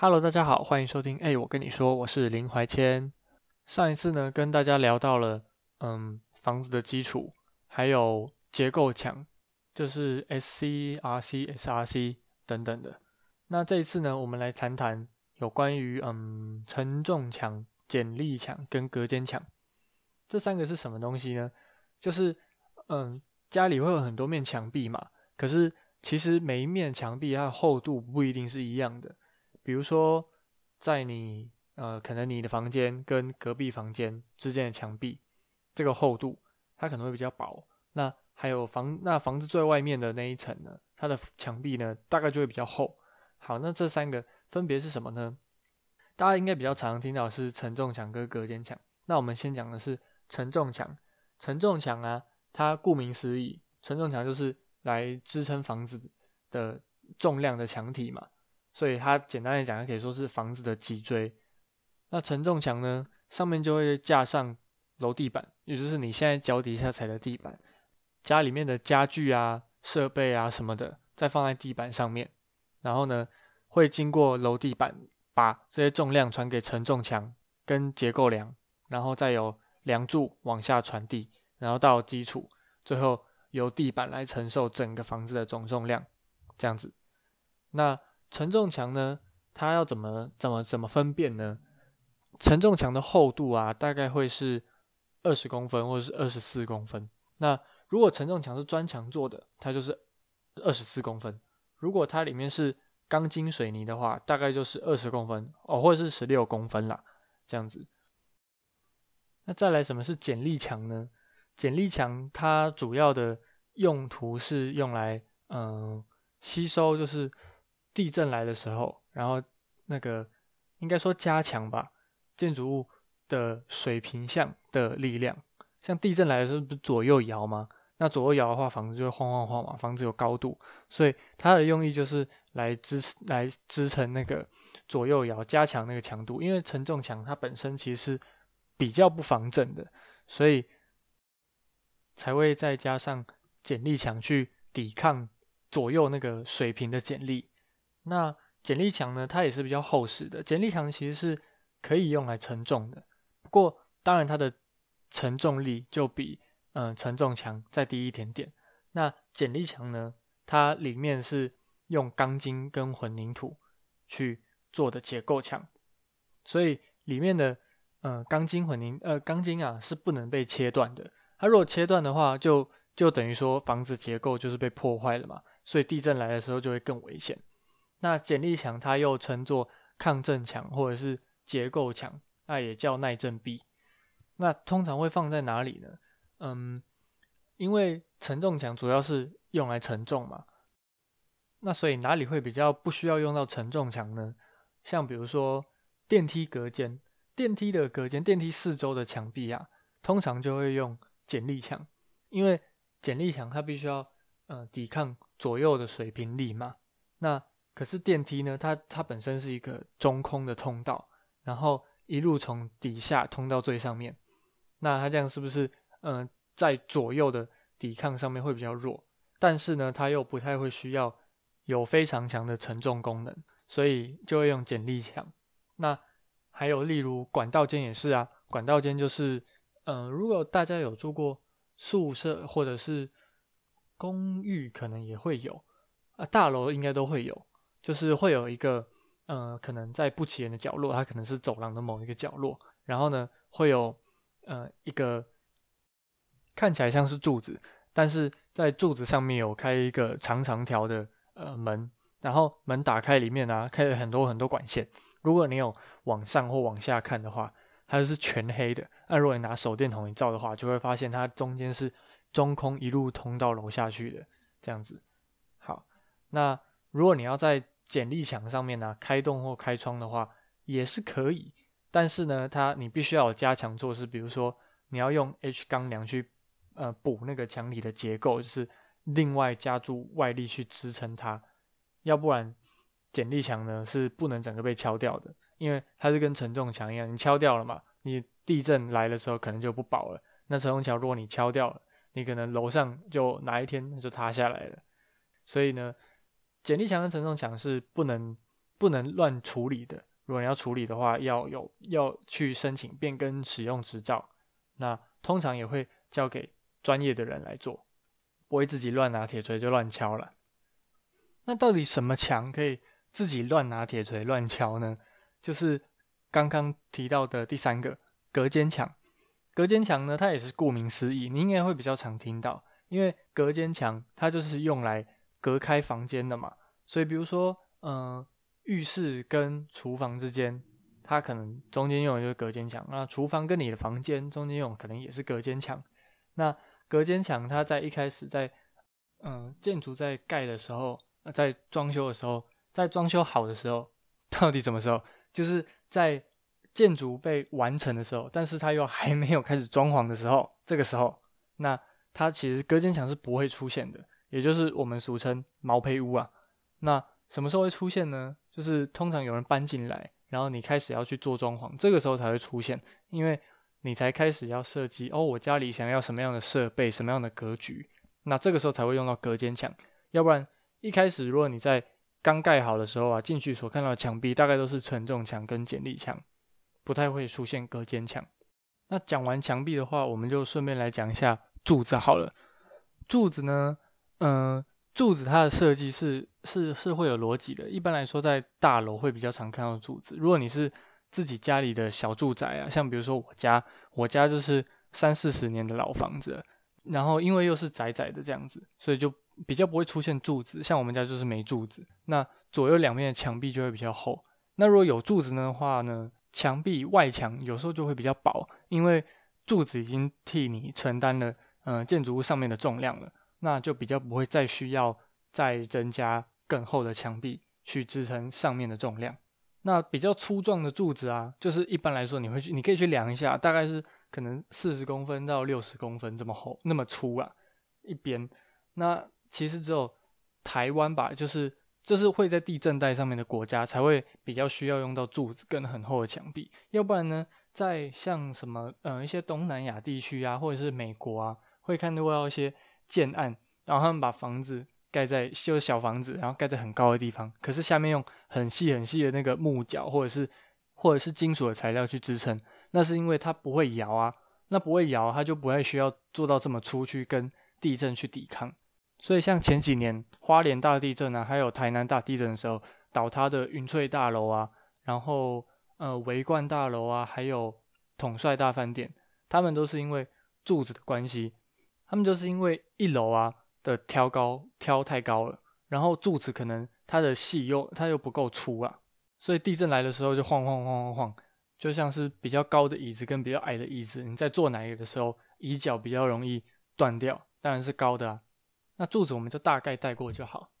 Hello，大家好，歡迎收聽。哎、欸，我跟你說，我是林懷謙。上一次呢，跟大家聊到了，嗯，房子的基礎，還有結構牆，就是 SC、RC、SRC 等等的。那這一次呢，我們來談談有關於嗯，承重牆、剪力牆跟隔間牆這三個是什麼東西呢？就是嗯，家裡會有很多面牆壁嘛，可是其實每一面牆壁它的厚度不一定是一樣的。比如說，在你呃，可能你的房間跟隔壁房間之間的牆壁，這個厚度它可能會比較薄。那還有房，那房子最外面的那一層呢，它的牆壁呢，大概就會比較厚。好，那這三個分別是什麼呢？大家應該比較常聽到的是承重牆跟隔間牆。那我們先講的是承重牆。承重牆啊，它顧名思義，承重牆就是來支撐房子的重量的牆體嘛。所以它簡單來講，它可以說是房子的脊椎。那承重牆呢，上面就會架上樓地板，也就是你現在腳底下踩的地板。家裡面的家具啊、設備啊什麼的，再放在地板上面。然後呢，會經過樓地板把這些重量傳給承重牆跟結構梁，然後再由梁柱往下傳遞，然後到基礎，最後由地板來承受整個房子的總重量。這樣子，那。承重牆呢？它要怎麼怎麼怎麼分辨呢？承重牆的厚度啊，大概會是二十公分或者是二十四公分。那如果承重牆是磚牆做的，它就是二十四公分；如果它裡面是鋼筋水泥的話，大概就是二十公分哦，或者是十六公分啦，這樣子。那再來，什麼是剪力牆呢？剪力牆它主要的用途是用來嗯吸收，就是。地震來的時候，然後那個應該說加強吧，建築物的水平向的力量，像地震來的時候不是左右搖嗎？那左右搖的話，房子就會晃晃晃嘛。房子有高度，所以它的用意就是來支來支撐那個左右搖，加強那個強度。因為承重牆它本身其實是比較不防震的，所以才會再加上剪力牆去抵抗左右那個水平的剪力。那剪力牆呢？它也是比較厚實的。剪力牆其實是可以用來承重的，不過當然它的承重力就比嗯承重牆再低一點點。那剪力牆呢？它裡面是用鋼筋跟混凝土去做的結構牆，所以裡面的呃鋼筋混凝呃鋼筋啊是不能被切斷的。它如果切斷的話，就就等於說房子結構就是被破壞了嘛，所以地震來的時候就會更危險。那剪力牆它又稱作抗震牆或者是結構牆，那也叫耐震壁。那通常會放在哪裡呢？嗯，因為承重牆主要是用來承重嘛，那所以哪裡會比較不需要用到承重牆呢？像比如說電梯隔間、電梯的隔間、電梯四周的牆壁啊，通常就會用剪力牆，因為剪力牆它必須要呃抵抗左右的水平力嘛，那。可是電梯呢？它它本身是一個中空的通道，然後一路從底下通到最上面。那它這樣是不是？嗯、呃，在左右的抵抗上面會比較弱，但是呢，它又不太會需要有非常強的承重功能，所以就會用剪力牆。那還有例如管道間也是啊，管道間就是，嗯、呃，如果大家有住過宿舍或者是公寓，可能也會有啊，大樓應該都會有。就是會有一個，呃，可能在不起眼的角落，它可能是走廊的某一個角落，然後呢，會有，呃，一個看起來像是柱子，但是在柱子上面有開一個長長條的，呃，門，然後門打開，裡面呢、啊、開了很多很多管線。如果你有往上或往下看的話，它是全黑的。那、啊、如果你拿手電筒一照的話，就會發現它中間是中空，一路通到樓下去的，這樣子。好，那。如果你要在剪力牆上面呢、啊、開洞或開窗的話，也是可以，但是呢，它你必須要有加強措施，比如說你要用 H 鋼樑去呃補那個牆裡的結構，就是另外加注外力去支撐它，要不然剪力牆呢是不能整個被敲掉的，因為它是跟承重牆一樣，你敲掉了嘛，你地震來的時候可能就不保了。那承重牆如果你敲掉了，你可能樓上就哪一天就塌下來了，所以呢。剪力牆和承重牆是不能不能亂處理的。如果你要處理的話，要有要去申請變更使用執照。那通常也會交給專業的人來做，不會自己亂拿鐵錘就亂敲了。那到底什麼牆可以自己亂拿鐵錘亂敲呢？就是剛剛提到的第三個隔間牆。隔間牆呢，它也是顧名思義，你應該會比較常聽到，因為隔間牆它就是用來。隔開房間的嘛，所以比如說，嗯、呃，浴室跟廚房之間，它可能中間用的就是隔間牆。那廚房跟你的房間中間用可能也是隔間牆。那隔間牆它在一開始在嗯、呃、建築在蓋的時候，啊，在裝修的時候，在裝修好的時候，到底什麼時候？就是在建築被完成的時候，但是它又還沒有開始裝潢的時候，這個時候，那它其實隔間牆是不會出現的。也就是我們俗稱毛坯屋啊，那什麼時候會出現呢？就是通常有人搬進來，然後你開始要去做裝潢，這個時候才會出現，因為你才開始要設計哦，我家裡想要什麼樣的設備，什麼樣的格局，那這個時候才會用到隔間牆。要不然一開始如果你在剛蓋好的時候啊，進去所看到的牆壁大概都是承重牆跟剪力牆，不太會出現隔間牆。那講完牆壁的話，我們就順便來講一下柱子好了，柱子呢？嗯、呃，柱子它的設計是是是會有邏輯的。一般來說，在大樓會比較常看到柱子。如果你是自己家裡的小住宅啊，像比如說我家，我家就是三四十年的老房子了，然後因為又是窄窄的這樣子，所以就比較不會出現柱子。像我們家就是沒柱子，那左右兩邊的牆壁就會比較厚。那如果有柱子的話呢，牆壁外牆有時候就會比較薄，因為柱子已經替你承擔了嗯、呃，建築物上面的重量了。那就比較不會再需要再增加更厚的牆壁去支撐上面的重量。那比較粗壯的柱子啊，就是一般來說你會去，你可以去量一下，大概是可能四十公分到六十公分這麼厚那麼粗啊，一邊。那其實只有台灣吧，就是就是會在地震帶上面的國家才會比較需要用到柱子跟很厚的牆壁。要不然呢，在像什麼嗯、呃、一些東南亞地區啊，或者是美國啊，會看到到一些，建案，然後他們把房子蓋在，就是小房子，然後蓋在很高的地方，可是下面用很細很細的那個木腳或者是或者是金屬的材料去支撐。那是因為它不會搖啊，那不會搖，它就不會需要做到這麼粗去跟地震去抵抗。所以像前幾年花蓮大地震啊，還有台南大地震的時候，倒塌的雲翠大樓啊，然後呃、維冠大樓啊，還有統帥大飯店，他們都是因為柱子的關係。他們就是因為一樓啊的挑高挑太高了，然後柱子可能它的細又它又不夠粗啊，所以地震來的時候就晃晃晃晃晃，就像是比較高的椅子跟比較矮的椅子，你在坐哪一個的時候，椅腳比較容易斷掉，當然是高的啊。那柱子我們就大概帶過就好。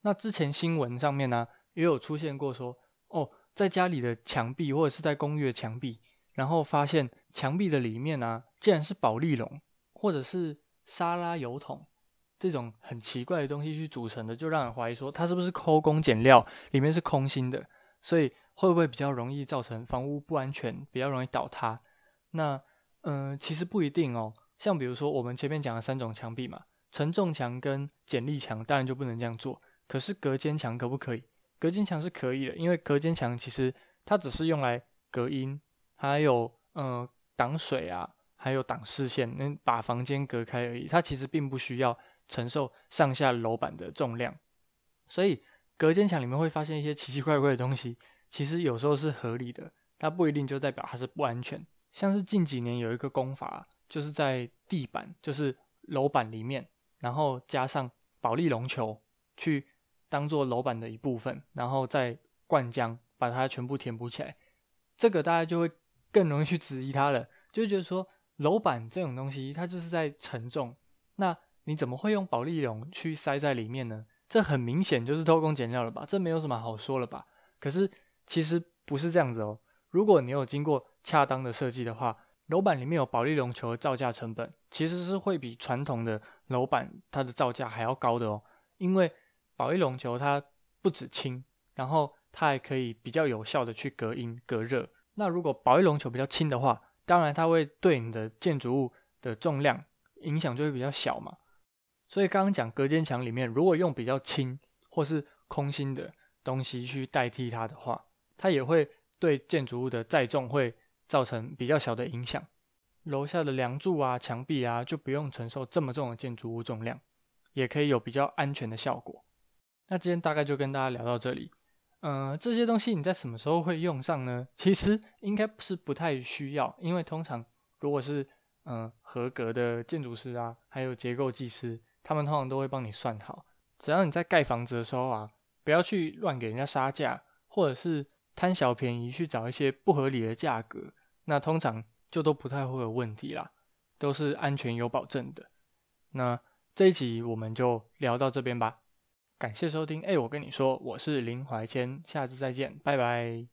那之前新聞上面呢、啊、也有出現過說，哦，在家裡的牆壁或者是在公寓的牆壁，然後發現牆壁的裡面啊竟然是保麗龍，或者是。沙拉油桶這種很奇怪的東西去組成的，就讓人懷疑說，它是不是偷工減料，裡面是空心的，所以會不會比較容易造成房屋不安全，比較容易倒塌？那嗯、呃，其實不一定哦。像比如說我們前面講的三種牆壁嘛，承重牆跟剪力牆當然就不能這樣做，可是隔間牆可不可以？隔間牆是可以的，因為隔間牆其實它只是用來隔音，還有嗯、呃、擋水啊。還有擋視線，能把房間隔開而已。它其實並不需要承受上下樓板的重量，所以隔間牆裡面會發現一些奇奇怪怪的東西，其實有時候是合理的，它不一定就代表它是不安全。像是近幾年有一個工法，就是在地板，就是樓板裡面，然後加上保麗龍球去當做樓板的一部分，然後再灌漿把它全部填補起來，這個大家就會更容易去質疑它了，就覺得說。樓板這種東西，它就是在承重，那你怎麼會用保麗龍去塞在裡面呢？這很明顯就是偷工減料了吧？這沒有什麼好說了吧？可是其實不是這樣子哦。如果你有經過恰當的設計的話，樓板裡面有保麗龍球的造價成本，其實是會比傳統的樓板它的造價還要高的哦。因為保麗龍球它不止輕，然後它還可以比較有效的去隔音隔熱。那如果保麗龍球比較輕的話，當然，它會對你的建築物的重量影響就會比較小嘛。所以剛剛講隔間牆裡面，如果用比較輕或是空心的東西去代替它的話，它也會對建築物的載重會造成比較小的影響。樓下的樑柱啊、牆壁啊，就不用承受這麼重的建築物重量，也可以有比較安全的效果。那今天大概就跟大家聊到這裡。嗯、呃，這些東西你在什麼時候會用上呢？其實應該是不太需要，因為通常如果是嗯、呃、合格的建築師啊，還有結構技師，他們通常都會幫你算好。只要你在蓋房子的時候啊，不要去亂給人家殺價，或者是貪小便宜去找一些不合理的價格，那通常就都不太會有問題啦，都是安全有保證的。那這一集我們就聊到這邊吧。感謝收聽，哎、欸，我跟你說，我是林懷謙，下次再見，拜拜。